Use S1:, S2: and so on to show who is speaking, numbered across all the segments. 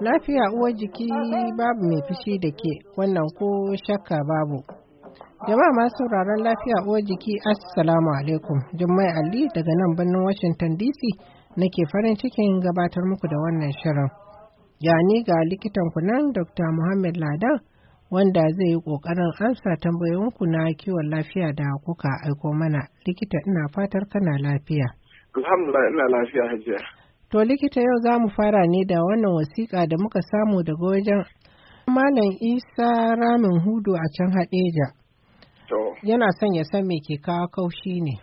S1: Lafiya uwar jiki babu mai fushi da ke wannan ko shakka babu. Jama'a masu sauraron lafiya uwar jiki Assalamu alaikum. Jummai Ali daga nan birnin Washington DC nake farin cikin gabatar muku da wannan shirin. ni ga likitan kunan Dr. Muhammad Ladan wanda zai yi ƙoƙarin ansa tambayoyinku na kiwon lafiya da kuka aiko mana. Likita ina fatar kana lafiya.
S2: Alhamdulillah ina lafiya hajiya.
S1: To likita yau za mu fara ne da wannan wasiƙa da muka samu daga wajen Malam Isa Ramin Hudu a can Hadeja. To. Yana son ya san me ke kawo kaushi ne.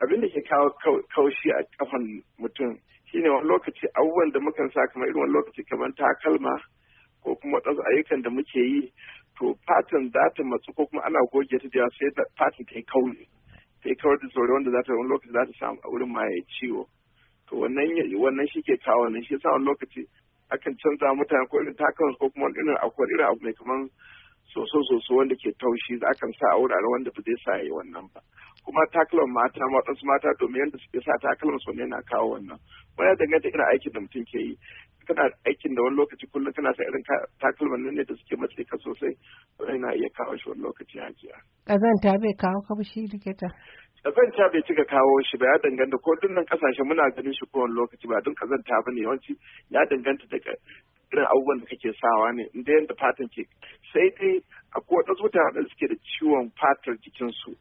S2: Abin da ke kawo kaushi a kafan mutum shine wani lokaci abubuwan da mukan sa kamar irin wani lokaci kamar takalma ko kuma waɗansu ayyukan da muke yi to fatan za ta matsu ko kuma ana goge ta da sai fatan ta yi kauri ta yi kauri da tsoro wanda za ta wani lokaci za ta samu a wurin ma ya ciwo to wannan wannan shi ke kawo wannan shi yasa wani lokaci akan canza mutane ko irin takan ko kuma irin akwai irin abu mai kaman soso soso wanda ke taushi za akan sa a wurare wanda ba zai sa ya yi wannan ba kuma takalman mata waɗansu mata domin yadda suke sa takalman su ne na kawo wannan wani danganta irin aikin da mutum ke yi kana aikin da wani lokaci kullum kana sa irin takalman nan ne da suke matse ka sosai wani na iya kawo shi wani lokaci hajiya.
S1: Ƙazanta bai kawo kamshi likita.
S2: Ƙazanta bai cika kawo shi ba ya danganta ko dunnan ƙasashe muna ganin shi kowane lokaci ba don ƙazanta ba ne yawanci ya danganta daga irin abubuwan da kake sawa ne inda yadda fatan ke sai dai akwai waɗansu mutane da suke da ciwon fatar jikinsu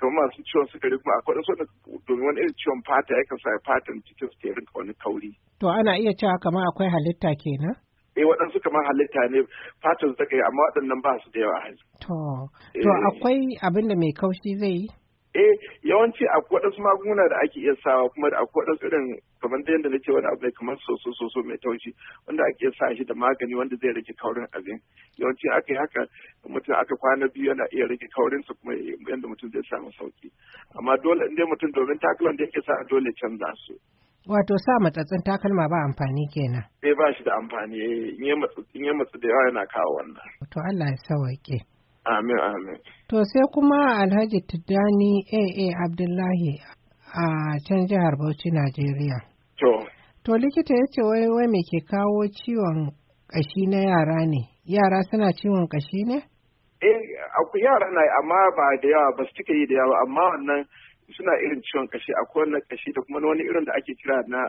S2: kuma masu ciwon sukari kuma akwai waɗansu wani irin ciwon fata yakan sa fatan jikinsu ta rinka wani kauri.
S1: To ana iya cewa kamar akwai halitta kenan?
S2: eh waɗansu kamar halitta ne fatan ka yi amma waɗannan ba su da yawa To, to eh.
S1: akwai abin da mai kaushi zai yi?
S2: Eh yawanci akwai waɗansu magunguna da ake iya sawa kuma da akwai waɗansu irin kamar da yadda ce wani abu kamar soso soso mai taushi wanda ake sa shi da magani wanda zai rage kaurin abin yawanci aka yi haka mutum aka kwana biyu yana iya rage kaurin su kuma yadda mutum zai samu sauki amma dole in dai mutum domin takalan da yake sa dole canza su.
S1: Wato sa matsatsin takalma ba amfani kenan.
S2: Eh ba shi da amfani in yi matsu da yawa yana kawo wannan.
S1: To Allah ya sawaƙe.
S2: Amin amin.
S1: To sai kuma Alhaji Tijjani AA Abdullahi a can jihar Bauchi Najeriya. To. To likita ya ce wai wai me ke kawo ciwon kashi na yara ne? Yara suna ciwon kashi ne?
S2: Eh akwai yara na amma ba da yawa ba su cika yi da yawa amma wannan suna irin ciwon kashi a kowane kashi da kuma wani irin da ake kira na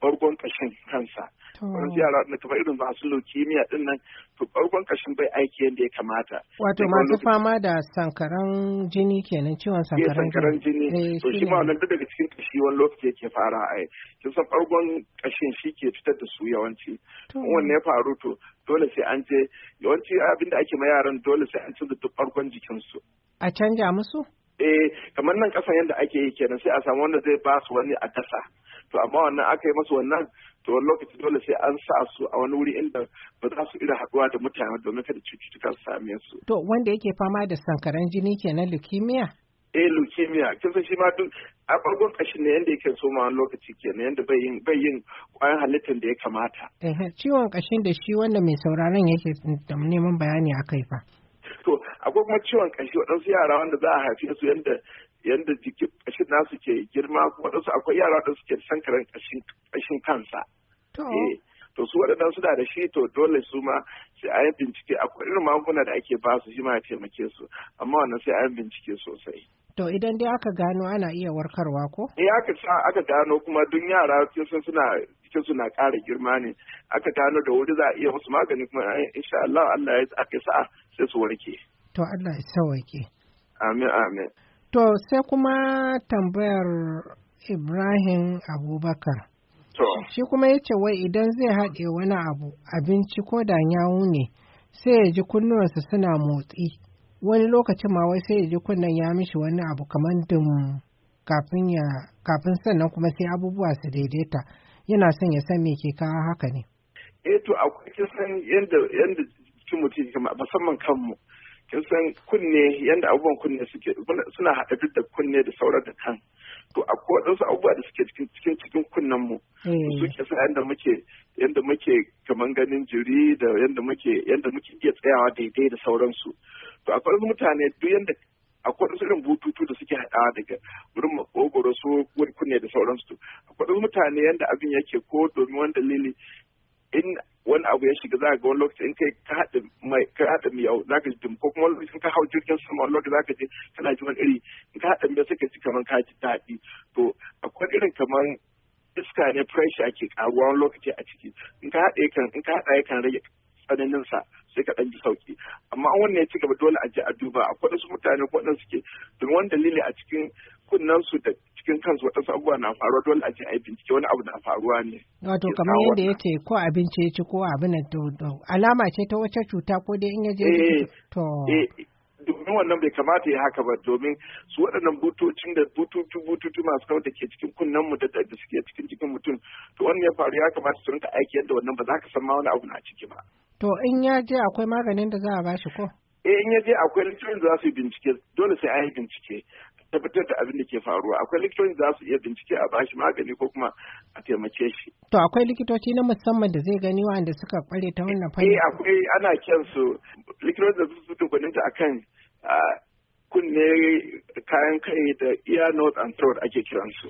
S2: bargon kashin kansa wani yara na kamar irin masu leukemia din nan to bargon kashin bai aiki yadda ya kamata
S1: wato masu fama da sankaran jini kenan ciwon eh, sankaran jini eh, to shi ma
S2: wannan daga cikin kashi wani lokaci yake fara a kin san bargon kashin shi ke fitar da su yawanci wannan ya faru to dole sai an je yawanci abinda ake ma yaran dole sai an canza duk bargon jikinsu
S1: a canja musu
S2: eh kamar nan kasan yadda ake yi kenan sai a samu wanda zai ba su wani a dasa to amma wannan aka yi masu wannan to wani lokaci dole sai an sa su a wani wuri inda ba za su iya haɗuwa da mutane domin kada cututtuka su same su to
S1: wanda yake fama da sankaran jini kenan leukemia
S2: eh leukemia kin san shi ma duk a bargon kashin ne yanda yake soma wani lokaci kenan yanda bai yin bai yin kwayan halittar da ya kamata
S1: ciwon kashin da shi wanda mai sauraron yake neman bayani akai fa
S2: to akwai kuma ciwon kashi waɗansu yara wanda za a haife su yadda yadda jikin kashin nasu ke girma waɗansu akwai yara waɗansu ke sankaran kashin kansa eh, to su waɗannan suna da shi to dole su ma sai a yi bincike akwai irin magunguna da ake ba su shi ma taimake su amma wannan sai a yi bincike sosai.
S1: To idan dai aka gano ana iya warkarwa ko?
S2: Ya eh, aka sa aka gano kuma duk yara sun suna jikinsu na ƙara girma ne aka gano da wuri za a iya wasu magani kuma eh, insha Allah Allah ya aka sa'a sai su warke
S1: to Allah ya sauke amin amin to sai kuma tambayar Ibrahim Abubakar shi kuma yace wai idan zai haɗe wani abu abinci ko da yawu ne sai ya ji kunnuwarsa suna motsi wani lokacin ma wai sai ya ji kunnen ya mishi wani abu kamar dum kafin sannan kuma sai abubuwa su daidaita yana son ya san me ke kawo haka ne.
S2: Eh to akwai kin san yanda yanda cikin mutum kamar musamman kanmu kin san kunne yanda abubuwan kunne suke suna haɗa duk da kunne da saurar da kan to akwai waɗansu abubuwa da suke cikin cikin cikin kunnen mu eh. suke sa yanda muke yanda muke kaman ganin jiri da yanda muke yanda muke iya tsayawa daidai da sauransu to akwai mutane duk yanda akwai wasu irin bututu da suke haɗawa daga wurin maƙogoro su wani kunne da sauransu akwai wasu mutane yadda abin yake ko domin wani dalili in wani abu ya shiga za ga wani lokaci in kai ka haɗa mai ka haɗa mai yau ji ko kuma wani lokaci ka hau jirgin sama wani lokaci ka ji kana ji wani iri in ka haɗa mai suka ji kamar ka ji daɗi to akwai irin kamar iska ne pressure ke karuwa wani lokaci a ciki in ka haɗa yakan in ka haɗa yakan rage tsananin sa sai ka ɗan ji sauki amma an wannan ya ci gaba dole a je a duba akwai wasu mutane kwaɗan suke don wani dalili a cikin kunnen su da cikin kansu waɗansu abubuwa na faruwa dole a je a yi bincike wani abu na faruwa ne.
S1: Wato kamar yadda ya ce ko abinci ya ci ko abin da alama ce ta wata cuta ko dai in ya je. Eh, to.
S2: Eh, domin wannan bai kamata ya haka ba domin su waɗannan butocin da bututu bututu masu kawai da ke cikin kunnen mu da da suke cikin jikin mutum to wannan ya faru ya kamata su rinka aiki yadda wannan ba za ka san ma wani abu na ciki ba.
S1: To in ya je akwai maganin da za a bashi ko?
S2: Eh in ya je akwai likitocin da za su yi bincike dole sai a yi bincike tabbatar da abin da ke faruwa akwai likitoci za su iya bincike a bashi magani ko kuma a taimake shi
S1: to akwai likitoci na musamman da zai gani wanda suka kware ta wannan fannin eh
S2: akwai ana kiransu likitoci da su doganta akan kunne kayan kai da iya north and throat ake kiransu.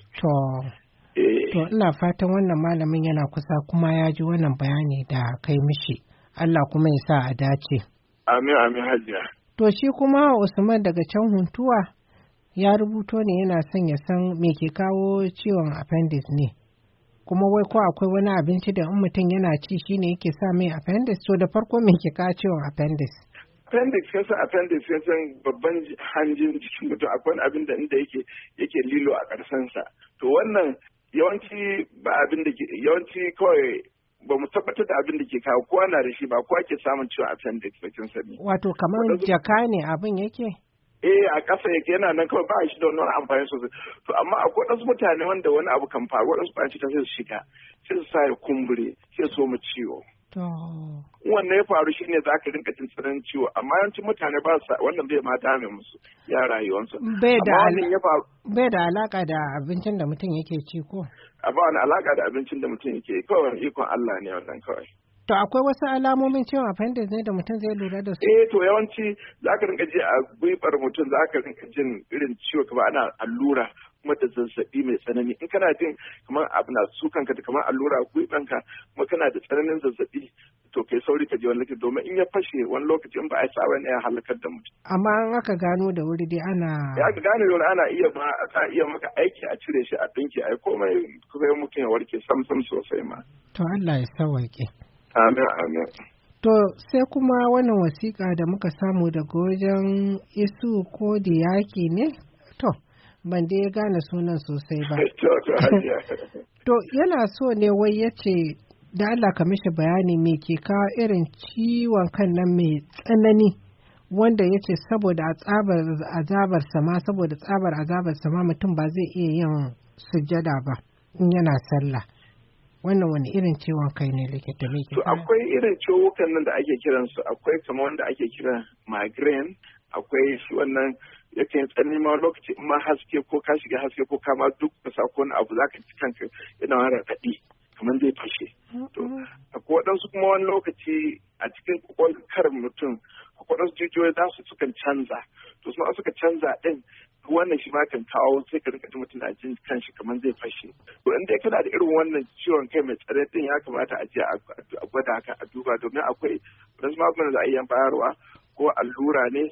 S2: Eh.
S1: To. ina fatan wannan malamin yana kusa kuma ya ji wannan bayani da kai mishi. Allah kuma ya sa a dace.
S2: Amin amin hajiya.
S1: To shi kuma Usman daga can huntuwa ya rubuto ne yana son ya san me ke kawo ciwon appendix ne. Kuma wai ko akwai wani abinci da in mutum yana ci shi ne yake sa mai appendix to da farko me ke kawo ciwon appendix?
S2: appendix ya san appendix ya san babban hanjin jikin mutum akwai abin da inda yake yake lilo a ƙarsansa to wannan yawanci ba abin da yawanci kawai ba mu tabbatar da abin da ke kawo kowa na da shi ba kowa ke samun ciwon appendix ba kin sani
S1: wato kamar jaka ne abin yake
S2: eh a ƙasa yake yana nan kawai ba shi da wani amfani sosai to amma akwai wasu mutane wanda wani abu kan faru waɗansu shi ta sai su shiga sai su sa ya kumbure sai su mu ciwo Wannan ya faru shi ne za ka rinka jin tsananin ciwo amma yawancin mutane ba sa wannan bai ma dame musu ya rayuwarsu.
S1: Bai da alaka da abincin da mutum yake ci ko?
S2: A ba wani alaka da abincin da mutum yake kawai ikon Allah ne wannan kawai.
S1: To akwai wasu alamomin ciwon appendix ne da mutum zai lura da su?
S2: Eh to yawanci za ka rinka ji a gwiwar mutum za ka rinka jin irin ciwo kuma ana allura kuma da zazzabi mai tsanani in kana jin kamar abu na sukan ka kamar allura gwiwanka kuma kana da tsananin zazzabi to kai sauri ka je wani likita domin in ya fashe wani lokaci in ba a yi sa'a ne ya halakar da mutum.
S1: Amma an aka gano da wuri dai ana.
S2: Ya aka gano da wuri ana iya ba a iya maka aiki a cire shi a dinki a yi komai kuma mutum ya warke sam sam sosai ma.
S1: To Allah ya sawaƙe.
S2: Amin amin.
S1: To sai kuma wannan wasiƙa da muka samu daga wajen isu ko da yaƙi ne ban da ya gane sunan sosai ba. To yana so ne wai ya ce da Allah ka mishi bayani me ke kawo irin ciwon kan nan mai tsanani wanda ya ce saboda tsabar azabar sama saboda tsabar azabar sama mutum ba zai iya yin sujada ba in yana sallah. wannan wani irin ciwon kai ne likita me ke to akwai
S2: irin ciwon nan da ake kiransu. akwai kamar wanda ake kira migraine akwai shi wannan yakan yi tsanani ma lokaci in ma haske ko ka shiga haske ko kama duk da sako ko abu za ka ji kanka yana wani raɗaɗi kamar zai fashe. To, mm-hmm. akwai waɗansu kuma wani lokaci a cikin kwakwalkar mutum akwai waɗansu jijiyoyi za su sukan canza. To, su suka canza ɗin wannan shi ma kan kawo sai ka rika mutum na jin kanshi kamar zai fashe. To, inda kana da irin wannan ciwon kai mai tsare ɗin ya kamata a je a gwada haka a duba domin akwai waɗansu magungunan za a iya bayarwa ko allura ne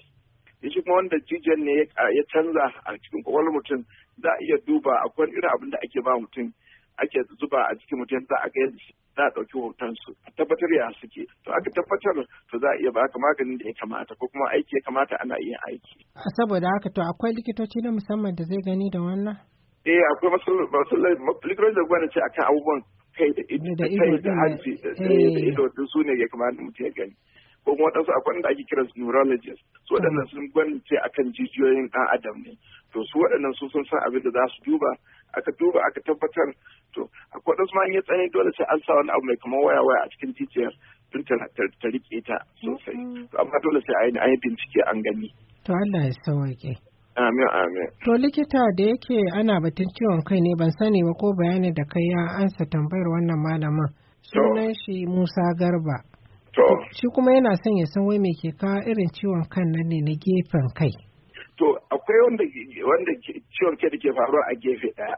S2: shi kuma wanda jijiyar ne ya canza a cikin kwakwalwar mutum za a iya duba akwai irin abin da ake ba mutum ake zuba a cikin mutum za a ga yadda za a ɗauki hotonsu a tabbatar ya suke to aka tabbatar to za a iya baka maganin da ya kamata ko kuma aiki ya kamata ana iya aiki.
S1: saboda haka to akwai likitoci na musamman da zai gani da wannan.
S2: eh akwai masu likitoci da gwamnati akan abubuwan kai da ido da hanci da eh. ido su ne ya kamata mutum ya gani. ko kuma waɗansu akwai wanda ake kiransu neurologist su waɗannan sun a akan jijiyoyin ɗan adam ne to su waɗannan su sun san abin da za su duba aka duba aka tabbatar to akwai waɗansu ma an ya tsani dole sai an sa wani abu mai kamar waya waya a cikin jijiyar don ta riƙe ta sosai mm-hmm. to amma dole sai an yi bincike an gani.
S1: to Allah ya sawaƙe.
S2: Amin amin.
S1: To likita da yake ana batun ciwon kai ne ban sani ba ko bayanin da kai ya ansa tambayar wannan malamin. Sunan shi Musa Garba. Shi kuma yana son ya san wai me ke kawo irin ciwon kan nan ne na gefen kai.
S2: To akwai wanda wanda ciwon kai da ke faruwa a gefe ɗaya.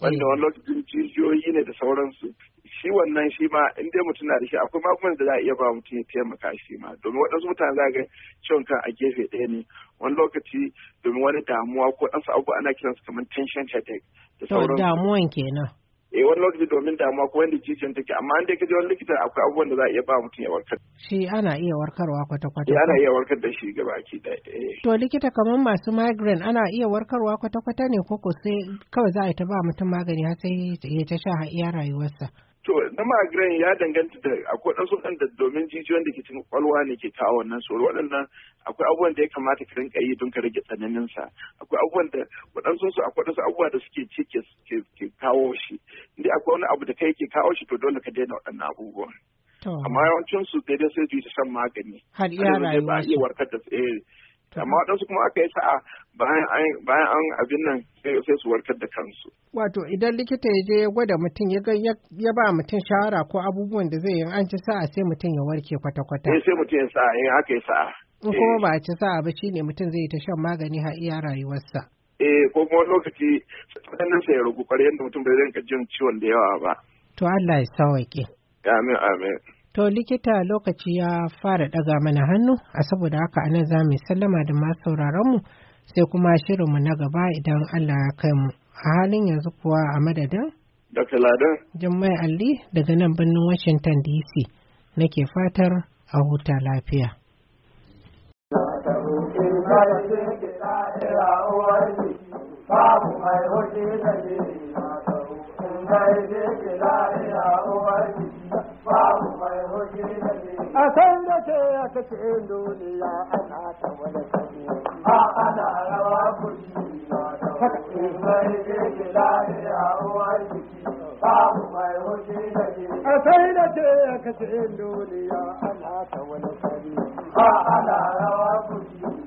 S2: Wanda eh. wani lokacin jijiyoyi ne da sauransu. Shi wannan shi ma in dai mutum na da shi akwai magungunan da za a iya ba mutum ya taimaka shi ma. Domin waɗansu mutane za ga ciwon kan a gefe ɗaya ne. Wani lokaci domin wani damuwa ko ɗansu abubuwa ana kiransu kamar tension headache. Da sauransu.
S1: damuwan kenan.
S2: eh wani lokaci domin damuwa ko wanda jijiyan take amma an dai kaje wani likita akwai abubuwan da za a iya ba mutum ya warkar
S1: shi ana iya warkarwa kwata kwata eh, ana
S2: iya warkar da shi gabaki da eh.
S1: to likita kamar masu migraine ana iya warkarwa kwata kwata ne ko ko sai kawai za a ta ba mutum magani har sai ya ta sha iya rayuwarsa
S2: to na migraine ya danganta da akwai ɗan su da domin jijiyoyin da ke cikin kwalwa ne ke kawo wannan tsoro waɗannan akwai abubuwan da ya kamata ka rinka yi don ka rage tsananin sa akwai abubuwan da waɗansu su akwai abubuwa da suke ci ke kawo shi dai akwai wani abu da kai yake kawo shi to dole ka daina waɗannan abubuwan amma yawancin su sai dai sai su yi ta shan magani
S1: har iya rayuwa Har
S2: iya warkar da eh amma waɗansu kuma aka yi sa'a bayan an abin nan sai su warkar da kansu
S1: wato idan likita ya je ya gwada mutum ya ba mutum shawara ko abubuwan da zai yi an ci sa'a sai mutum ya warke kwata-kwata eh,
S2: sai mutum ya sa'a in aka yi sa'a in kuma eh.
S1: ba a ci sa'a ba shine mutum zai yi ta shan magani har iya rayuwarsa
S2: eh ko kuma lokaci tsananin sa ya ragu yadda mutum bai rinka jin ciwon da yawa ba
S1: to Allah ya sawaike
S2: amin amin
S1: To likita lokaci ya fara ɗaga mana hannu, a saboda haka anan za mu sallama da masu sauraronmu sai kuma shirinmu na gaba idan Allah ya kai mu. A halin yanzu kuwa a madadin? Dr. Ladan. Jummai Ali daga nan birnin Washington DC nake fatar a huta lafiya.
S2: a san
S1: da ke ya ta ce duniya ana ta wani kare
S2: Ba ana rawa kuri na da wani zai ke lafiya uwar jiki babu mai hoji da ke a san da ke ya ta ce duniya ana ta wani kare ba ana rawa kuri